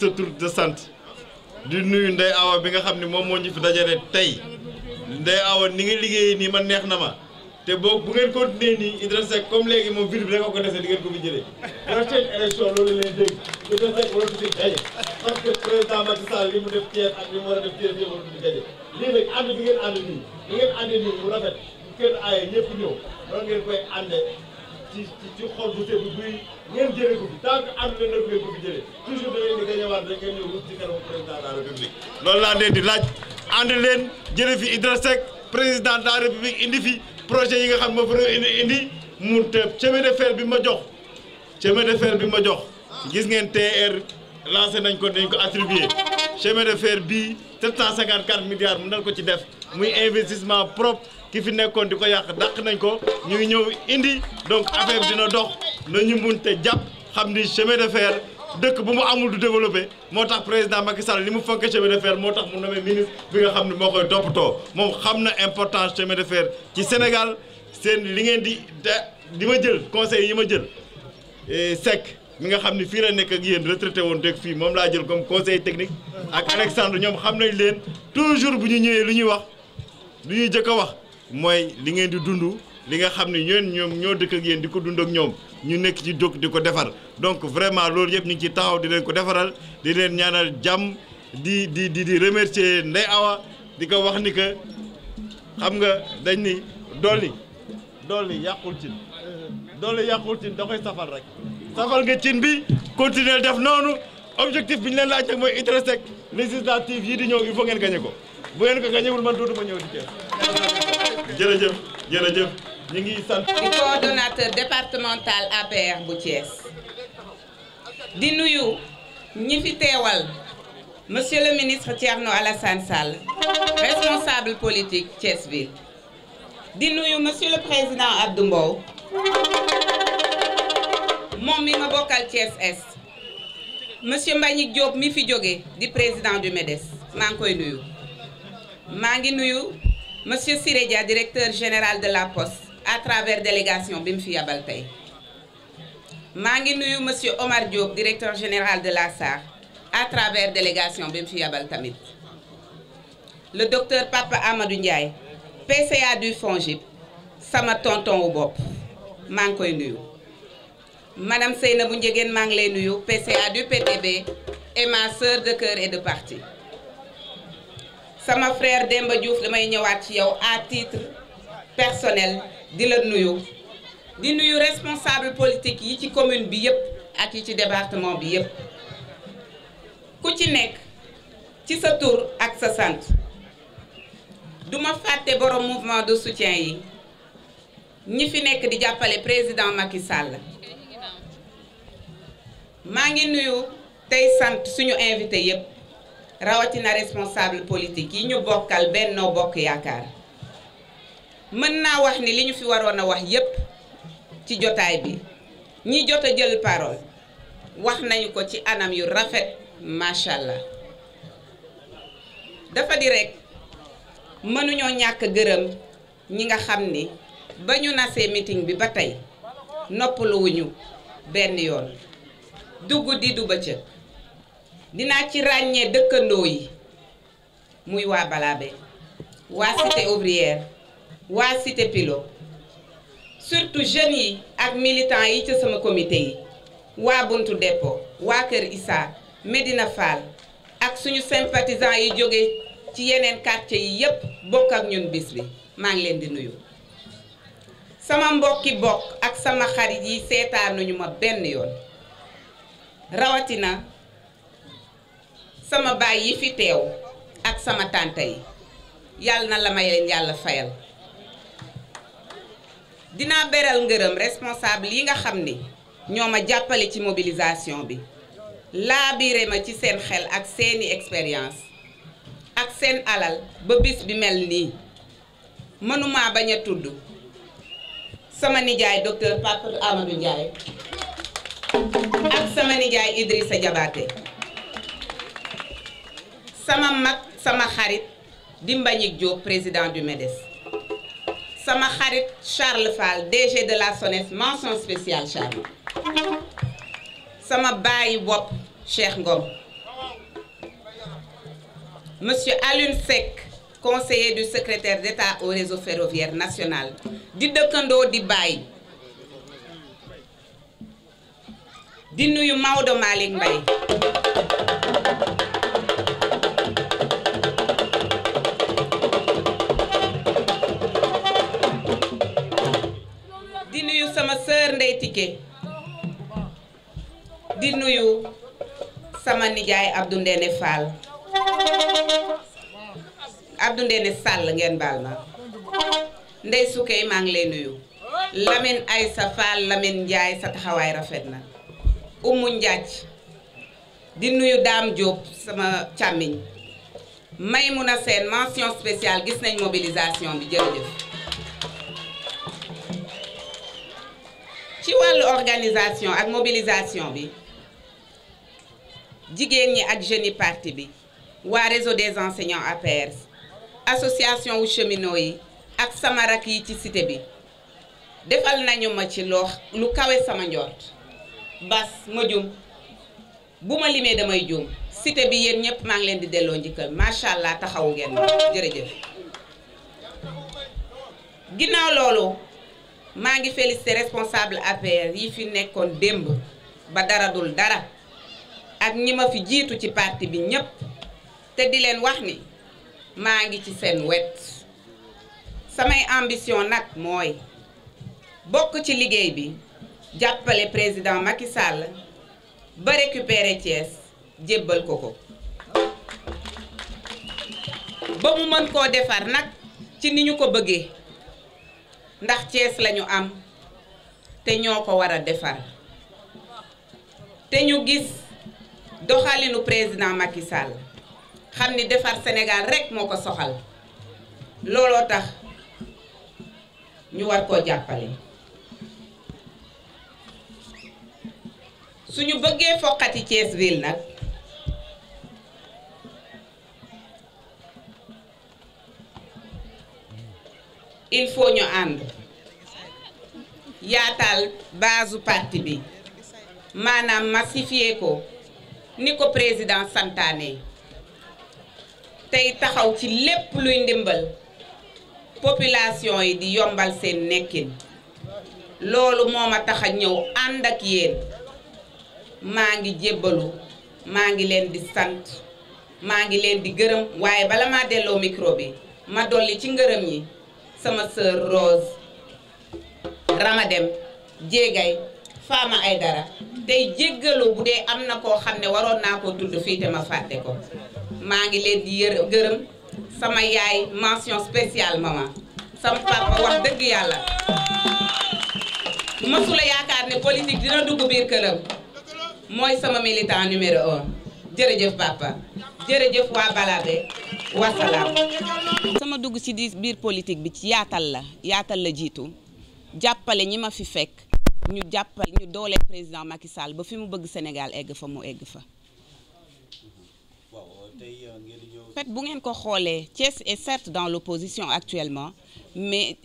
sa tur de sant di nuyu Ndeye Awa bi nga xam ni moom moo ñu fi dajale tey Ndeye Awa ni nga liggéeyee nii man neex na ma te boo bu ngeen continuer nii Idrissa Seck comme léegi moom ville bi ko dese di ngeen ko fi jëlee prochaine élection loolu leen dégg Idrissa Seck waratu fi gañe parce que président Macky Sall li mu def Thiès ak li mu war a def Thiès yëpp waratu fi gañe lii nag ànd bi ngeen ànd nii li ngeen ànd nii mu rafet bu kenn aaye ñëpp ñëw loolu ngeen koy àndee ci ci xol bu tegu buy ngeen la république. laa leen di laaj ànd leen jëlee fi Idrissa président de la république indi fi projet yi nga xam ma fa indi indi mu te chemin bi ma jox chemin de fer bi ma jox gis ngeen TER lancé nañ ko dañ ko attribué chemin de fer bii 754 milliards mu nal ko ci def muy investissement propre. ki fi nekkoon di ko yàq dàq nañ ko ñu ngi ñëw indi donc affaire dina dox nañu mun te jàpp xam ni chemin de fer dëkk bu mu amul du développé moo tax président Macky Sall li mu fonk chemin de fer moo tax mu nommé ministre bi nga xam ne moo koy toppatoo moom xam na importance chemin de fer ci Sénégal seen li ngeen di di ma jël conseil yi ma jël e, Seck mi nga xam ni fii la nekk ak yéen retraité woon dëkk fii moom laa jël comme conseil technique ak Alexandre ñoom xam nañ leen toujours bu ñu ñëwee lu ñuy wax lu ñuy jëkk a wax mooy li ngeen di dund li nga xam ne ñoom ñoom ñoo dëkk ak di ko dund ak ñoom ñu nekk ci jóg di ko defar donc vraiment loolu yëpp ñu ngi ci taxaw di leen ko defaral di leen ñaanal jàmm di di di di remercier ndey Awa di ko wax ni que xam nga dañ ni dolli dolli yàqul cin dolli yàqul cin da koy safal rek safal nga cin bi continuer def noonu objectif bi ñu leen laaj nag mooy ITRESEC législative yi di ñëw il faut ngeen gañe ko bu ngeen ko gañewul man dootuma ñëw di jërëjëf jërëjëf ñu ngi sant. di coordonnateur départemental APR bu Thiès di nuyu ñi fi teewal monsieur le ministre Thierno Alassane Sall responsable politique cees bi di nuyu monsieur le président Abdou Mbow moom mi ma bokkal Thiès Est monsieur Mbagnick Diop mi fi jóge di président du MEDES maa ngi koy nuyu maa ngi nuyu. monsieur Siré Dia directeur général de la poste à travers délégation bi mu fi yabal tey maa ngi nuyu monsieur Omar Diop directeur général de la SAR à travers délégation bi mu fi yabal tamit le docteur Papa Amadou Ndiaye PCA du FONGIP sama tonton wu bopp maa ngi koy nuyu madame bu Ndiégène maa ngi lay nuyu PCA du PTB et ma sœur de cœur et de parti sama frère Demba Diouf damay ñëwaat ci yow à titre personnel di la nuyu di nuyu responsable politique yi ci commune bi yépp ak yi ci département bi yépp ku ci nekk ci sa tur ak sa sant duma fàtte borom mouvement de soutien yi ñi fi nekk di jàppale président Macky Sall maa ngi nuyu tey sant suñu invité yépp rawatina responsable politique yi ñu bokkal benn Bokk Yaakaar mën naa wax ni li ñu fi waroon a wax yépp ci jotaay bi ñi jot a jël parole wax nañu ko ci anam yu rafet macha allah dafa di rekk mënuñoo ñàkk gërëm ñi nga xam ni ba ñu nasee meeting bi ba tey noppaluwuñu benn yoon dugg di du bëccëg dinaa ci ràññee dëkkandoo yi muy waa Balabé waa cité ouvrière waa cité Pilot surtout jeunes yi ak militan yi ca sama comité yi waa Buntu Dépôt waa Kër Issa Medina Fall ak suñu sympathisants yi jóge ci yeneen quartier yi yépp bokk ak ñun bis bi maa ngi leen di nuyu sama mbokki bokk ak sama xarit yi seetaanuñu ma benn yoon rawatina sama baay yi fi teew ak sama tànta yi yàlla na la may leen yàlla fayal dinaa beral ngërëm responsable yi nga xam ni ñoo ma jàppale ci mobilisation bi laabire ma ci seen xel ak seeni expérience ak seen alal ba bis bi mel nii mënuma bañ a tudd sama nijaay docteur Papa Amadou Ndiaye ak sama nijaay Idrissa Diabaté sama mag sama xarit di Mbagnick Diop président du MEDES sama xarit Charles Fall DG de la SONES mention spéciale Charles sama bàyyi bopp Cheikh Ngom monsieur Alioune Seck conseiller du secretaire d'État au réseau ferroviaire national di dëkkandoo di bàyyi di nuyu Maodo Malick Mbaye di nuyu sama nijaay Abdou Ndene Fall Abdou Ndene Sall ngeen baal ma Ndey Sukey maa ngi lay nuyu Lamine Aïssa Fall Lamine Ndiaye sa taxawaay rafet na Umu Njaaj di nuyu Dame Diop sama càmmiñ Maymuna Sène mention spéciale gis nañ mobilisation bi jërëjëf wàllu organisation ak mobilisation bi jigéen ñi ak jeunes yi parti bi waa réseau des enseignants APR association wu cheminots yi ak sama rak yi ci cité bi defal nañu ma ci loo lu kawe sama njort bas ma jum bu ma limee damay juum cité bi yéen ñëpp maa ngi leen di delloo njëkkal macha allah taxawu ngeen ma jërëjëf ginnaaw loolu. maa ngi félicité responsable APR yi fi nekkoon démb ba dara dul dara ak ñi ma fi jiitu ci parti bi ñépp te di leen wax ni maa ngi ci seen wet samay ambition nag mooy bokk ci liggéey bi jàppale président Macky Sall ba récupérer Thiès jébbal ko ko ba mu mën koo defar nag ci ni ñu ko bëggee ndax Cees lañu am te ñoo ko war a defar te ñu gis doxalinu président Macky Sall xam ni defar Sénégal rekk moo ko soxal looloo tax ñu war koo jàppale suñu bëggee foqati Cees ville nag il faut ñu ànd yaatal base parti bi maanaam massifier ko ni ko président santaane tey taxaw ci lépp luy ndimbal population yi di yombal seen nekkin loolu moo ma tax a ñëw ànd ak yéen maa ngi jébbalu maa ngi leen di sant maa ngi leen di gërëm waaye bala maa delloo micro bi ma dolli ci ngërëm yi sama sœur Rose Ramadem Jéegay Fama Aydara tey jéggalu bu dee am na koo xam ne waroon naa koo tudd fii te ma fàtte ko maa ngi leen di yër gërëm sama yaay mention spéciale maman sama papa wax dëgg yàlla mësula yaakaar ne politique dina dugg biir këram mooy sama militant numéro un jërëjëf papa jërëjëf waa Balabé wasalaam dugg ci biir politique bi ci yaatal la yaatal la jiitu jàppale ñi ma fi fekk ñu jàppale doole président Macky Sall ba fi mu bëgg Sénégal egg fa mu egg fa. en bu ngeen ko xoolee Thiès est certes dans l'opposition actuellement mais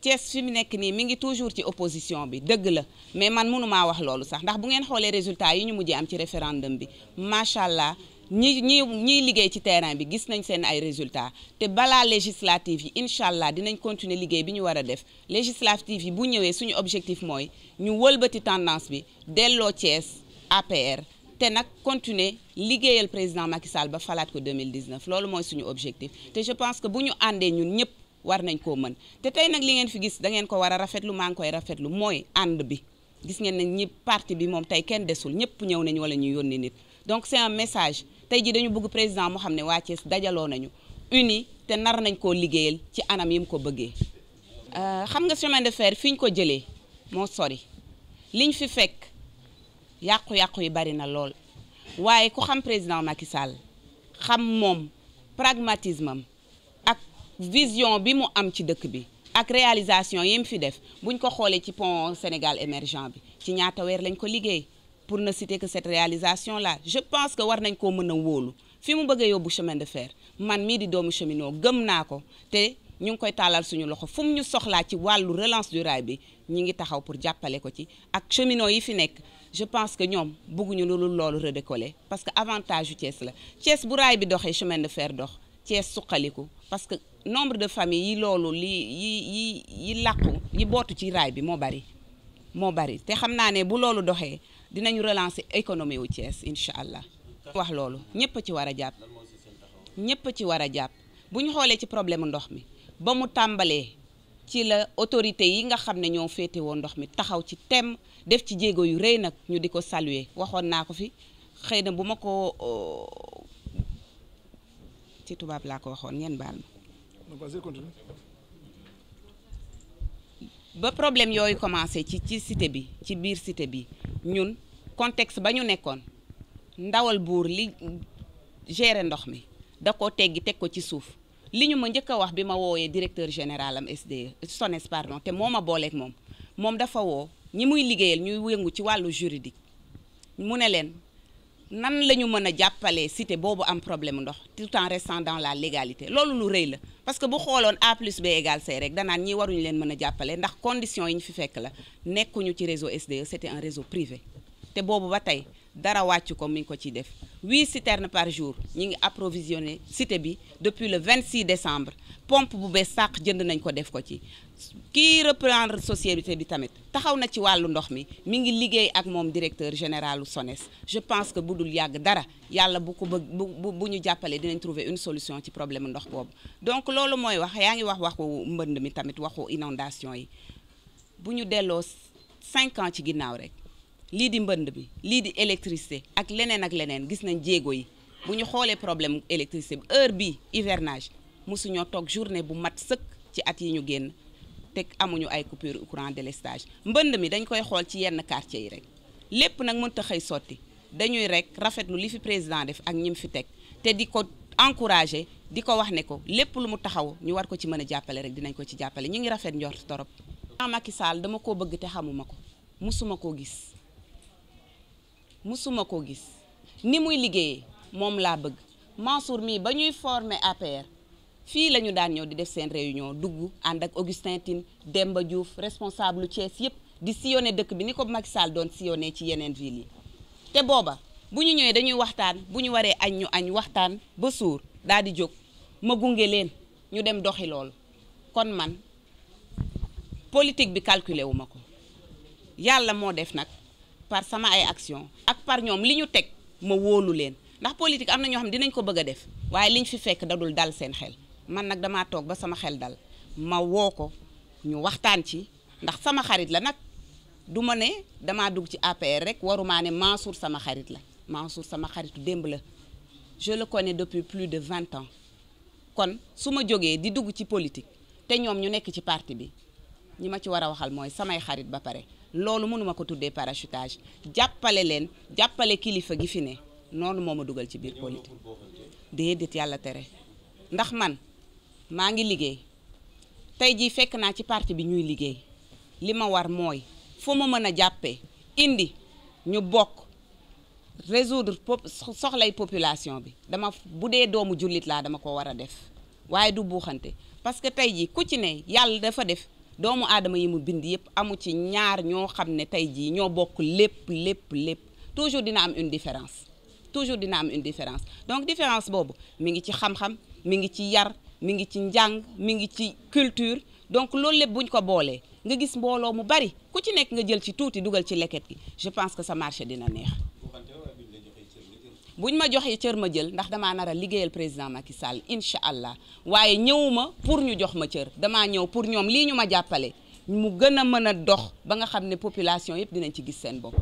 Thiès fi mu nekk nii mi ngi toujours ci opposition bi dëgg la mais man mënumaa wax loolu sax ndax bu ngeen xoolee résultat yi ñu mujjee am ci référendum bi macha ñi ñi ñiy liggéey ci terrain bi gis nañ seen ay résultats te balaa législative yi incha allah dinañ continuer liggéey bi ñu war a def législative yi bu ñëwee suñu objectif mooy ñu wëlbati tendance bi delloo Thiès APR te nag continuer liggéeyal président Macky Sall ba falaat ko 2019 loolu mooy suñu objectif te je pense que bu ñu àndee ñun ñëpp war nañ koo mën te tey nag li ngeen fi gis da ngeen ko war a rafetlu maa ngi koy rafetlu mooy ànd bi gis ngeen ne ñi parti bi moom tey kenn desul ñëpp ñëw nañ wala ñu yónni nit donc c'est un message tey jii dañu bugg président moo xam ne waa dajaloo nañu uni te nar nañ koo liggéeyal ci anam yi mu ko bëggee. Euh, xam nga semaine de fer fi ñu ko jëlee moo sori liñ fi fekk yàqu-yàqu yi bari na lool waaye ku xam président Macky Sall xam moom pragmatisme am ak vision bi mu am ci dëkk bi. ak réalisation yi mu fi def buñ ko xoolee ci pont Sénégal émergent bi ci ñaata weer lañ ko liggéey. pour na citer que cette réalisation là je pense que war nañ koo mën a wóolu fi mu bëgg a yóbbu chemin de fer man mii di doomu cheminot gëm naa ko te ñu ngi koy tàllal suñu loxo fu ñu soxlaa ci wàllu relance du rail bi ñu ngi taxaw pour jàppale ko ci ak cheminot yi fi nekk je pense que ñoom bëgguñu lu loolu redécoller parce que avantage yu Thiès la Thiès bu raay bi doxee chemin de fer dox Thiès suqaliku parce que nombre de famille yi loolu li yi yi yi làqu yi bootu ci raay bi moo bari moo bari te xam naa ne bu loolu doxee dinañu relancer économie wu Thiès incha allah. wax loolu ñëpp ci war a jàpp ñëpp ci war a jàpp bu ñu xoolee ci problème ndox mi ba mu tàmbalee ci la autorité yi nga xam ne ñoo féete woon ndox mi taxaw ci temm def ci jéego yu rëy nag ñu di ko saluer waxoon naa ko fi xëy na bu ma ko euh, ci tubaab laa ko waxoon ngeen baal ma. ba problème yooyu commencé ci ci cité bi ci biir cité bi. ñun contexte ba ñu nekkoon ndawal buur li gérer ndox mi da koo teggi teg ko ci suuf li ñu ma njëkk a wax bi ma wooyee directeur général am SDE SONES pardon te moo ma booleeg moom moom dafa woo ñi muy liggéeyal ñuy yëngu ci wàllu juridique mu ne leen nan la ñu mën a jàppalee cité boobu am problème ndox tout en restant dans la légalité loolu lu rëy la parce que bu xooloon A plus B égale C rek danaan ñi waruñu leen mën a jàppale ndax conditions yi ñu fi fekk la nekkuñu ci réseau SDE c'était un réseau privé te boobu ba tey dara wàcc ko mi ngi ko ciy def huit citernes par jour ñi ngi approvisionné cité bi depuis le 26 décembre pompe bu bees sàq jënd nañ ko def ko ci kii reprendre société bi tamit taxaw na ci wàllu ndox mi mi ngi liggéey ak moom directeur général SONES je pense que bu dul yàgg dara yàlla bu ko bëgg bu bu ñu jàppalee dinañ trouver une solution ci problème ndox boobu donc loolu mooy wax yaa ngi wax waxu mbënd mi tamit waxu inondation yi bu ñu delloo cinq ci ginnaaw rek lii di mbënd bi lii di électricité ak leneen ak leneen gis nañ jéego yi bu ñu xoolee problème électricité bi heure bi hivernage mosuñoo toog journée bu mat sëkk ci at yi ñu génn teg amuñu ay coupure courant lestage mbënd mi dañ koy xool ci yenn quartier yi rek lépp nag mënut a xëy sotti dañuy rek rafetlu li fi président def ak ñim fi teg te di ko encouragé di ko wax ne ko lépp lu mu taxaw ñu war ko ci mën a jàppale rek dinañ ko ci jàppale ñu ngi rafet njort torop Macky Sall dama koo bëgg te xamuma ko musuma koo gis mësuma ko gis ni muy liggéeyee moom laa bëgg Mansour mii ba ñuy former APR fii la ñu daan ñëw di def seen réunion dugg ànd ak Augustin dem ba Diouf responsable Thiès yëpp di sillonné dëkk bi ni ko Macky Sall doon sillonné ci yeneen ville yi te booba bu ñu ñëwee dañuy waxtaan bu ñu waree añ ñu añ waxtaan ba suur daal di jóg ma gunge leen ñu dem doxi loolu kon man politique bi calculé wu ko yàlla moo def nag par sama ay action ak par ñoom li ñu teg ma wóolu leen ndax politique am na ñoo xam dinañ ko bëgg a def waaye ñu fi fekk dadul dal seen xel man nag damaa toog ba sama xel dal ma woo ko ñu waxtaan ci ndax sama xarit la nag du ma ne damaa dugg ci APR rek warumaa ne Mansour sama xarit la Mansour sama xaritu démb la je le connais depuis plus de vingt ans kon su ma jógee di dugg ci politique te ñoom ñu nekk ci parti bi ñi ma ci war a waxal mooy samay xarit ba pare loolu mënuma ko tuddee parachutage jàppale leen jàppale kilifa gi fi ne noonu moo ma dugal ci biir politique déedéet yàlla tere ndax man maa ngi liggéey tey jii fekk naa ci parti bi ñuy liggéey li ma war mooy fu ma mën a jàppee indi ñu bokk résoudre soxlay population bi dama bu dee doomu jullit laa dama ko war a def waaye du buuxante parce que tey jii ku ci ne yàlla dafa def doomu aadama yi mu bind yëpp amu ci ñaar ñoo xam ne tey jii ñoo bokk lépp lépp lépp toujours dina am une différence toujours dina am une différence donc différence boobu mi ngi ci xam-xam mi ngi ci yar mi ngi ci njàng mi ngi ci culture donc loolu lépp buñ ko boolee nga gis mbooloo mu bari ku ci nekk nga jël ci tuuti dugal ci leket gi je pense que sa marché dina neex buñ ma joxee cër ma jël ndax damaa nar a liggéeyal président Macky Sall incha allah waaye ma pour ñu jox ma cër damaa ñëw pour ñoom lii ñu ma jàppale mu gën a mën a dox ba nga xam ne population yëpp dinañ ci gis seen bopp.